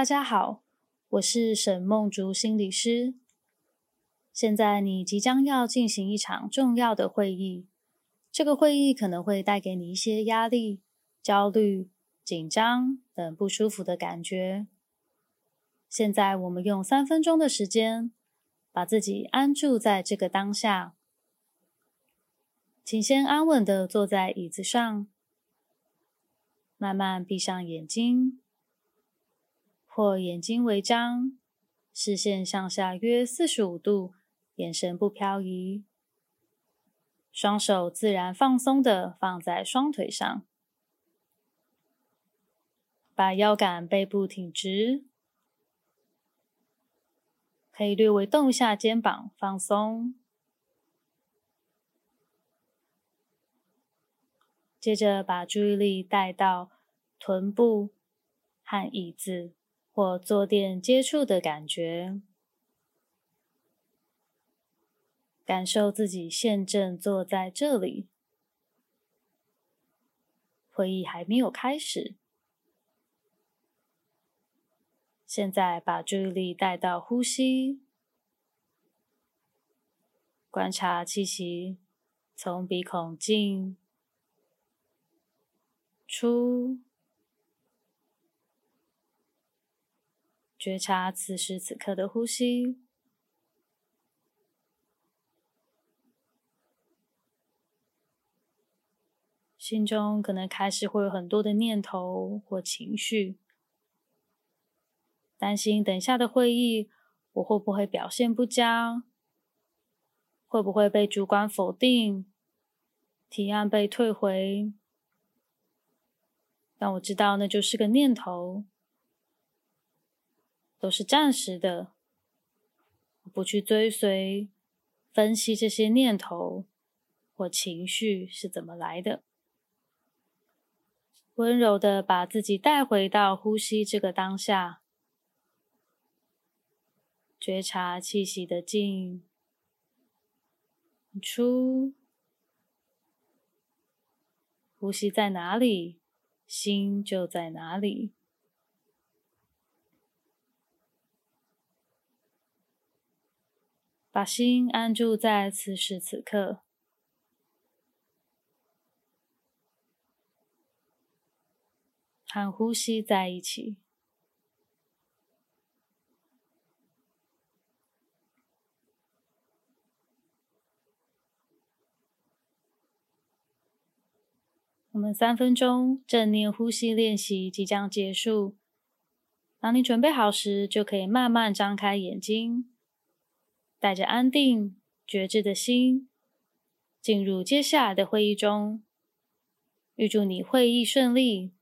大家好，我是沈孟築心理師。現在你即將要進行一場重要的會議，這個會議可能會帶給你一些壓力、焦慮、緊張等不舒服的感覺。現在我們用三分鐘的時間，把自己安住在這個當下。請先安穩的坐在椅子上，慢慢閉上眼睛。或眼睛微張，視線向下約四十五度，眼神不飄移。雙手自然放鬆的放在雙腿上，把腰桿、背部挺直，可以略微動一下肩膀，放鬆。接着把注意力帶到臀部和椅子或坐墊接觸的感覺，感受自己現正坐在這裡。會議還沒有開始，現在把注意力帶到呼吸，觀察氣息從鼻孔進、出。覺察此時此刻的呼吸，心中可能開始會有很多的念頭或情緒，擔心等下的會議，我會不會表現不佳，會不會被主管否定，提案被退回。但我知道那就是個念頭。都是暫時的。不去追隨、分析這些念頭或情緒是怎麼來的，溫柔的把自己帶回到呼吸這個當下，覺察氣息的進、出，呼吸在哪裡，心就在哪裡。把心安住在此時此刻，和呼吸在一起。我們三分鐘正念呼吸練習即將結束。當你準備好時，就可以慢慢張開眼睛。帶着安定、覺知的心，進入接下來的會議中，預祝你會議順利。